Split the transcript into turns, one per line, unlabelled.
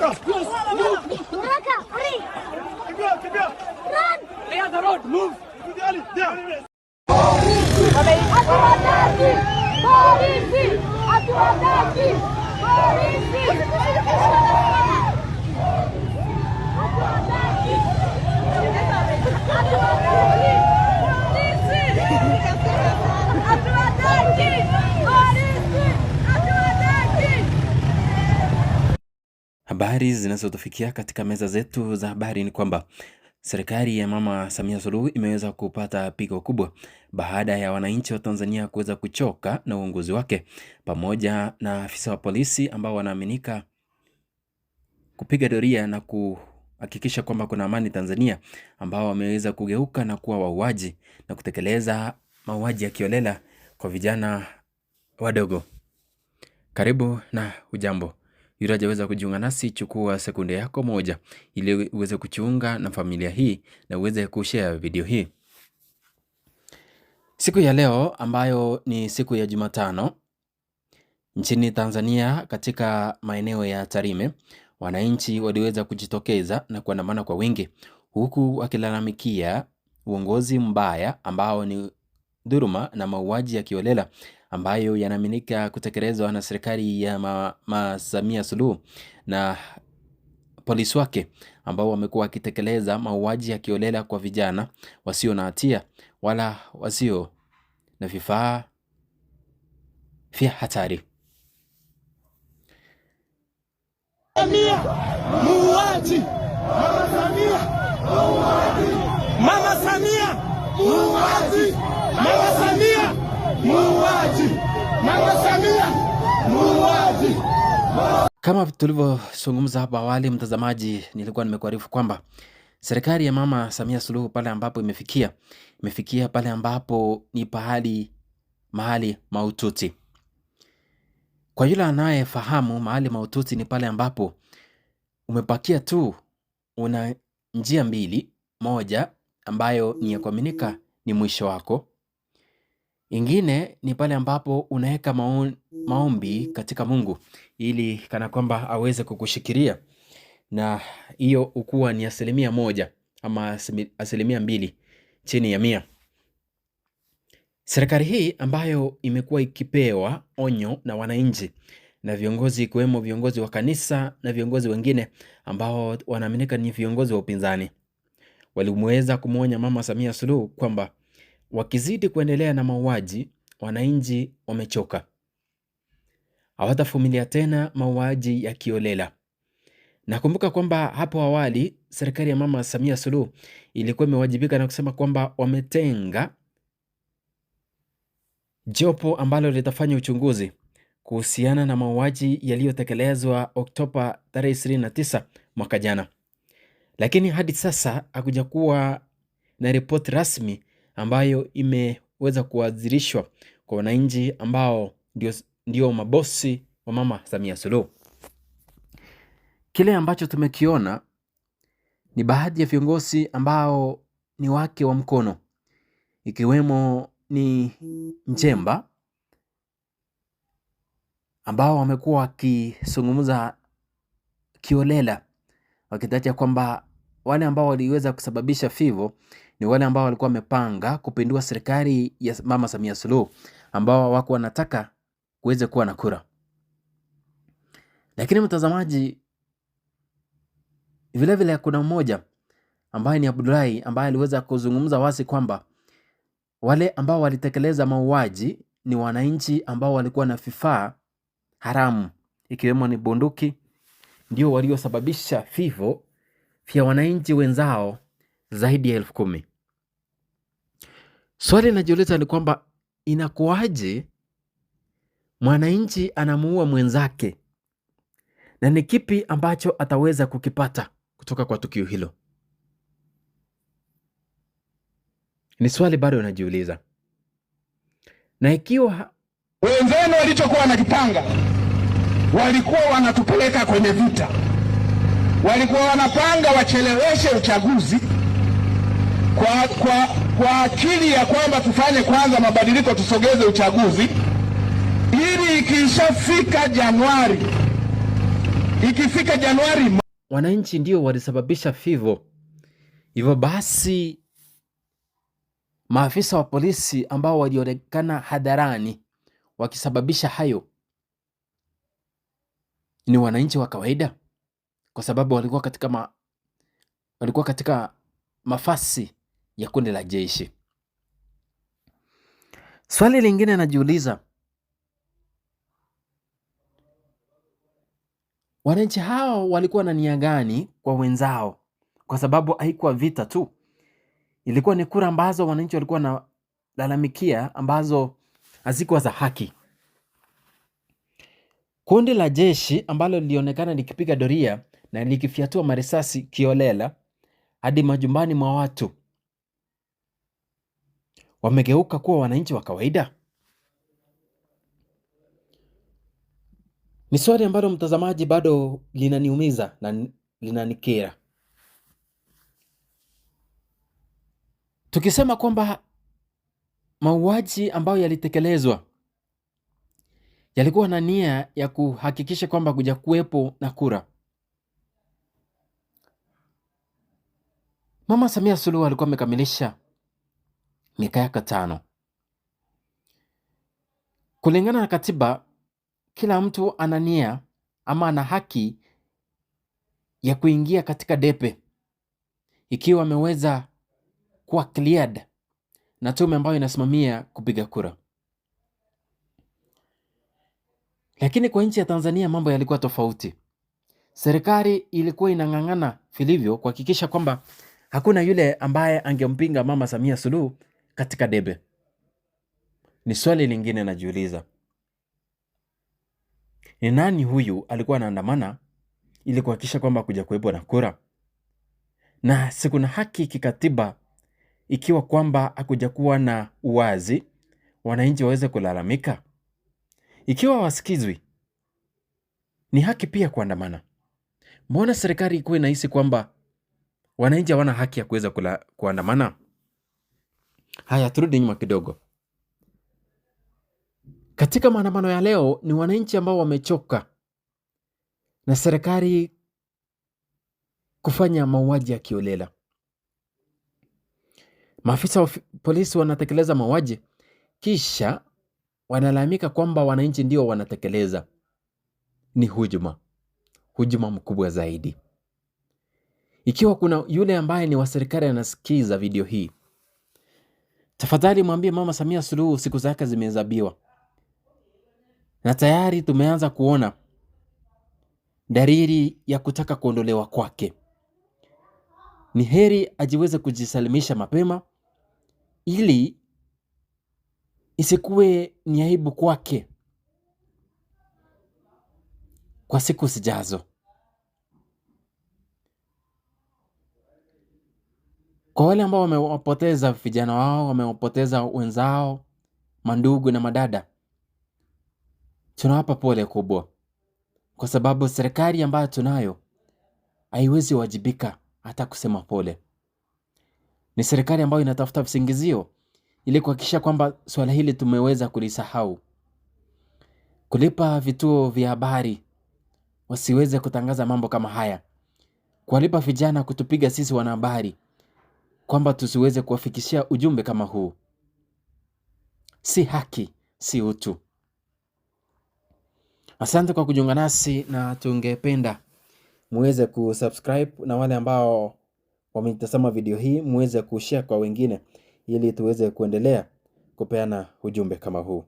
Raka! Yes!
Move! Raka! Hurry! Kibia!
Kibia! Run! Lay on
the road! Move! There!
habari zinazotufikia katika meza zetu za habari ni kwamba serikali ya Mama Samia Suluhu imeweza kupata pigo kubwa baada ya wananchi wa Tanzania kuweza kuchoka na uongozi wake pamoja na afisa wa polisi ambao wanaaminika kupiga doria na kuhakikisha kwamba kuna amani Tanzania, ambao wameweza kugeuka na kuwa wauaji na kutekeleza mauaji ya kiolela kwa vijana wadogo. Karibu na ujambo yule hajaweza kujiunga nasi, chukua sekunde yako moja ili uweze kujiunga na familia hii na uweze kushare video hii. Siku ya leo ambayo ni siku ya Jumatano nchini Tanzania, katika maeneo ya Tarime, wananchi waliweza kujitokeza na kuandamana kwa wingi, huku wakilalamikia uongozi mbaya ambao ni dhuluma na mauaji ya kiolela ambayo yanaaminika kutekelezwa na serikali ya ma, ma Samia Suluhu na polisi wake ambao wamekuwa wakitekeleza mauaji ya kiolela kwa vijana wasio na hatia wala wasio na vifaa vya hatari.
Mama Samia muuaji. Mama Samia muuaji. Mama Samia muuaji.
Kama tulivyozungumza hapo awali, mtazamaji, nilikuwa nimekuarifu kwamba serikali ya Mama Samia Suluhu pale ambapo imefikia imefikia pale ambapo ni pahali mahali maututi. Kwa yule anayefahamu, mahali maututi ni pale ambapo umepakia tu, una njia mbili, moja ambayo ni ya kuaminika ni mwisho wako. Ingine ni pale ambapo unaweka maombi katika Mungu ili kana kwamba aweze kukushikiria na hiyo hukuwa ni asilimia moja ama asilimia mbili chini ya mia. Serikali hii ambayo imekuwa ikipewa onyo na wananchi na viongozi ikiwemo viongozi wa kanisa na viongozi wengine ambao wanaaminika ni viongozi wa upinzani walimweza kumwonya Mama Samia Suluhu kwamba wakizidi kuendelea na mauaji, wananchi wamechoka, hawatavumilia tena mauaji ya kiolela. Nakumbuka kwamba hapo awali serikali ya Mama Samia Suluhu ilikuwa imewajibika na kusema kwamba wametenga jopo ambalo litafanya uchunguzi kuhusiana na mauaji yaliyotekelezwa Oktoba tarehe 29 mwaka jana lakini hadi sasa hakuja kuwa na ripoti rasmi ambayo imeweza kuwazirishwa kwa wananchi ambao ndio, ndio mabosi wa Mama Samia Suluhu. Kile ambacho tumekiona ni baadhi ya viongozi ambao ni wake wa mkono ikiwemo ni Njemba ambao wamekuwa wakizungumza kiolela wakitaja kwamba wale ambao waliweza kusababisha fivo ni wale ambao walikuwa wamepanga kupindua serikali ya Mama Samia Suluhu, ambao wako wanataka kuweze kuwa na kura. Lakini mtazamaji, vilevile vile kuna mmoja ambaye ni abdulahi ambaye aliweza kuzungumza wazi kwamba wale ambao walitekeleza mauaji ni wananchi ambao walikuwa na vifaa haramu ikiwemo ni bunduki, ndio waliosababisha fivo ya wananchi wenzao zaidi ya elfu kumi. Swali inajiuliza ni kwamba inakuwaje mwananchi anamuua mwenzake na ni kipi ambacho ataweza kukipata kutoka kwa tukio hilo? Ni swali bado inajiuliza, na ikiwa
wenzenu walichokuwa wanakipanga walikuwa wanatupeleka kwenye vita walikuwa wanapanga wacheleweshe uchaguzi kwa, kwa, kwa akili ya kwamba tufanye kwanza mabadiliko tusogeze uchaguzi ili ikishafika Januari, ikifika Januari
wananchi ndio walisababisha fivo. Hivyo basi maafisa wa polisi ambao walionekana hadharani wakisababisha hayo ni wananchi wa kawaida kwa sababu walikuwa katika, ma, walikuwa katika mafasi ya kundi la jeshi. Swali lingine najiuliza, wananchi hao walikuwa na nia gani kwa wenzao? Kwa sababu haikuwa vita tu, ilikuwa ni kura ambazo wananchi walikuwa wanalalamikia ambazo hazikuwa za haki. Kundi la jeshi ambalo lilionekana likipiga doria na likifyatua marisasi kiolela hadi majumbani mwa watu. Wamegeuka kuwa wananchi wa kawaida? Ni swali ambalo mtazamaji, bado linaniumiza na linanikera. Tukisema kwamba mauaji ambayo yalitekelezwa yalikuwa na nia ya kuhakikisha kwamba kuja kuwepo na kura, Mama Samia Suluhu alikuwa amekamilisha miaka yake tano. Kulingana na katiba, kila mtu ana nia ama ana haki ya kuingia katika depe ikiwa ameweza kuwa cleared na tume ambayo inasimamia kupiga kura. Lakini kwa nchi ya Tanzania mambo yalikuwa tofauti. Serikali ilikuwa inang'ang'ana vilivyo kuhakikisha kwamba Hakuna yule ambaye angempinga Mama Samia Suluhu katika debe. Ni swali lingine najiuliza, ni nani huyu alikuwa anaandamana ili kuhakikisha kwamba kuja kuwepo na kura, na sikuna haki kikatiba ikiwa kwamba hakuja kuwa na uwazi, wananchi waweze kulalamika, ikiwa wasikizwi, ni haki pia kuandamana. Mbona serikali ikuwa inahisi kwamba wananchi hawana haki ya kuweza kuandamana? Haya, turudi nyuma kidogo. Katika maandamano ya leo ni wananchi ambao wamechoka na serikali kufanya mauaji ya kiolela. Maafisa wa polisi wanatekeleza mauaji kisha wanalalamika kwamba wananchi ndio wanatekeleza. Ni hujuma, hujuma mkubwa zaidi. Ikiwa kuna yule ambaye ni wa serikali anasikiza video hii, tafadhali mwambie Mama Samia Suluhu siku zake zimehesabiwa, na tayari tumeanza kuona dalili ya kutaka kuondolewa kwake. Ni heri ajiweze kujisalimisha mapema ili isikuwe ni aibu kwake kwa siku zijazo. Kwa wale ambao wamewapoteza vijana wao, wamewapoteza wenzao, mandugu na madada, tunawapa pole kubwa, kwa sababu serikali ambayo tunayo haiwezi wajibika hata kusema pole. Ni serikali ambayo inatafuta visingizio ili kuhakikisha kwamba suala hili tumeweza kulisahau. Kulipa vituo vya habari wasiweze kutangaza mambo kama haya, kuwalipa vijana kutupiga sisi wanahabari kwamba tusiweze kuwafikishia ujumbe kama huu. Si haki, si utu. Asante kwa kujiunga nasi, na tungependa muweze kusubscribe, na wale ambao wametazama video hii muweze kushare kwa wengine, ili tuweze kuendelea kupeana ujumbe kama huu.